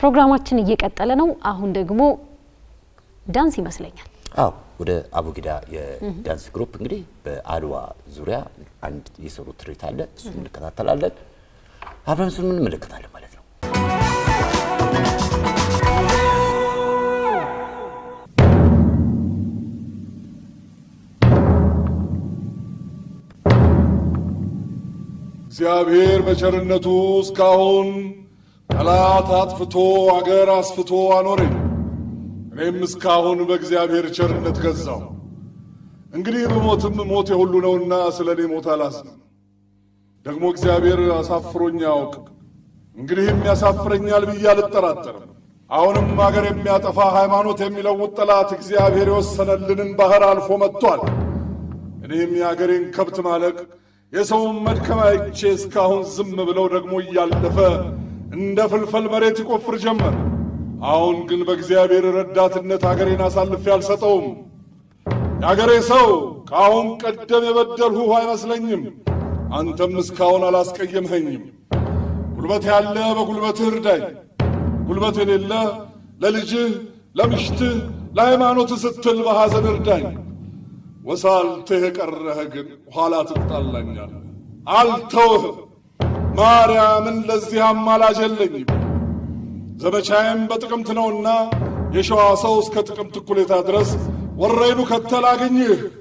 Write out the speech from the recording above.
ፕሮግራማችን እየቀጠለ ነው። አሁን ደግሞ ዳንስ ይመስለኛል። አዎ ወደ አቡጊዳ የዳንስ ግሩፕ እንግዲህ በአድዋ ዙሪያ አንድ የሰሩት ትርኢት አለ። እሱ እንከታተላለን፣ አብረን እሱን እንመለከታለን ማለት ነው። እግዚአብሔር በቸርነቱ እስካሁን ጠላት አጥፍቶ አገር አስፍቶ አኖረኝ። እኔም እስካሁን በእግዚአብሔር ቸርነት ገዛው። እንግዲህ ብሞትም ሞት የሁሉ ነውና ስለ እኔ ሞት አላዝንም። ደግሞ እግዚአብሔር አሳፍሮኝ አያውቅም። እንግዲህም ያሳፍረኛል ብዬ አልጠራጠርም። አሁንም አገር የሚያጠፋ ሃይማኖት የሚለውጥ ጠላት እግዚአብሔር የወሰነልንን ባህር አልፎ መጥቷል። እኔም የአገሬን ከብት ማለቅ የሰውን መድከም አይቼ እስካሁን ዝም ብለው ደግሞ እያለፈ እንደ ፍልፈል መሬት ይቆፍር ጀመር። አሁን ግን በእግዚአብሔር ረዳትነት አገሬን አሳልፌ አልሰጠውም። የአገሬ ሰው ከአሁን ቀደም የበደልሁህ አይመስለኝም። አንተም እስካሁን አላስቀየምኸኝም። ጉልበት ያለ በጉልበትህ እርዳኝ፣ ጉልበት የሌለ ለልጅህ ለምሽትህ ለሃይማኖት ስትል በሐዘን እርዳኝ። ወሳልትህ የቀረህ ግን ኋላ ትቅጣላኛል። አልተውህም። ማርያምን ለዚህ አማላጅ የለኝም። ዘመቻዬም በጥቅምት ነውና የሸዋ ሰው እስከ ጥቅምት እኩሌታ ድረስ ወረይኑ ከተል